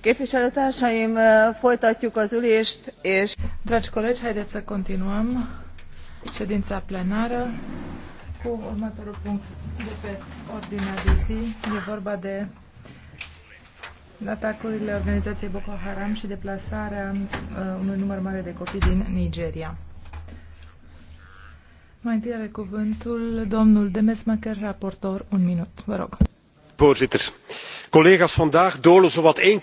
képviselőtársaim folytatjuk az ülést és. dragi colegi haideți să continuăm ședința plenară cu următorul punct de pe ordinea de zi. E vorba de atacurile organizației Boko Haram și deplasarea uh, unui număr mare de copii din Nigeria. Mai întâi are cuvântul domnul Macher, raportor, un minut. Vă rog. Voorzitter, collega's vandaag dolen zowat één.